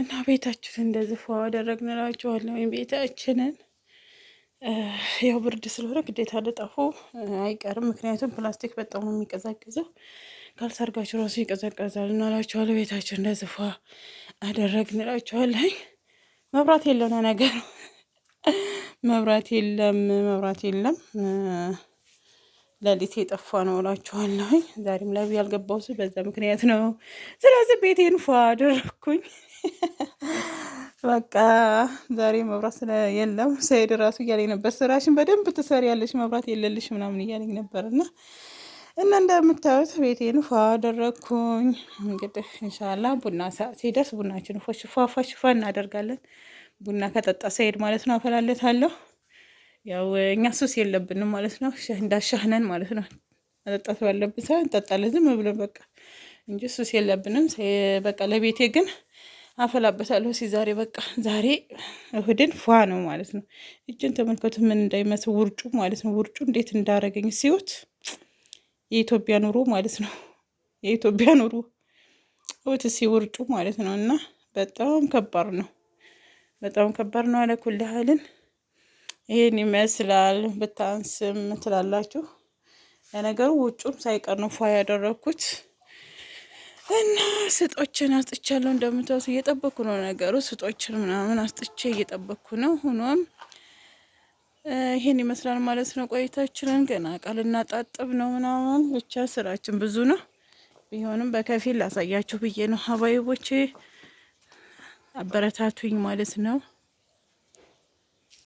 እና ቤታችንን እንደዚህ ፏ አደረግን እላችኋለሁ። ወይም ቤታችንን ያው ብርድ ስለሆነ ግዴታ ልጠፉ አይቀርም። ምክንያቱም ፕላስቲክ በጣም የሚቀዛቀዘው ካልሰርጋችሁ ራሱ ይቀዘቀዛል። እና እላችኋለሁ ቤታችን እንደዚህ ፏ አደረግን እላችኋለሁ። መብራት የለውና ነገር መብራት የለም፣ መብራት የለም። ለሊት የጠፋ ነው እላችኋለሁ። ዛሬም ላይ ያልገባው በዛ ምክንያት ነው። ስለዚህ ቤቴን ፏ አደረግኩኝ። በቃ ዛሬ መብራት ስለየለም ሰይድ ራሱ እያለኝ ነበር፣ ስራሽን በደንብ ትሰሪያለሽ መብራት የለልሽ ምናምን እያለኝ ነበር እና እና እንደምታዩት ቤቴን ፏ አደረግኩኝ። እንግዲህ እንሻላ ቡና ሲደርስ ቡናችን ፏፏፏ ሽፋ እናደርጋለን። ቡና ከጠጣ ሰይድ ማለት ነው አፈላለታለሁ። ያው እኛ ሱስ የለብንም ማለት ነው፣ እንዳሻህነን ማለት ነው። መጠጣት ባለብን ሰዓት እንጠጣለን፣ ዝም ብለን በቃ እንጂ ሱስ የለብንም። በቃ ለቤቴ ግን አፈላበታለሁ። ሲ ዛሬ በቃ ዛሬ እሁድን ፏ ነው ማለት ነው። እጅን ተመልከቱ፣ ምን እንዳይመስል ውርጩ ማለት ነው። ውርጩ እንዴት እንዳረገኝ ሲዩት፣ የኢትዮጵያ ኑሮ ማለት ነው። የኢትዮጵያ ኑሮ ውት ሲ ውርጩ ማለት ነው። እና በጣም ከባድ ነው፣ በጣም ከባድ ነው። አለ ኩል ያህልን ይሄን ይመስላል። ብታንስም ትላላችሁ። ለነገሩ ውጩም ሳይቀር ነው ፏ ያደረግኩት። እና ስጦችን አስጥቻለሁ። እንደምታዩት እየጠበኩ ነው ነገሩ። ስጦችን ምናምን አስጥቼ እየጠበኩ ነው። ሆኖም ይሄን ይመስላል ማለት ነው። ቆይታችንን ገና ቃል እናጣጥብ ነው ምናምን ብቻ ስራችን ብዙ ነው። ቢሆንም በከፊል ላሳያችሁ ብዬ ነው። ሀባይቦቼ አበረታቱኝ ማለት ነው።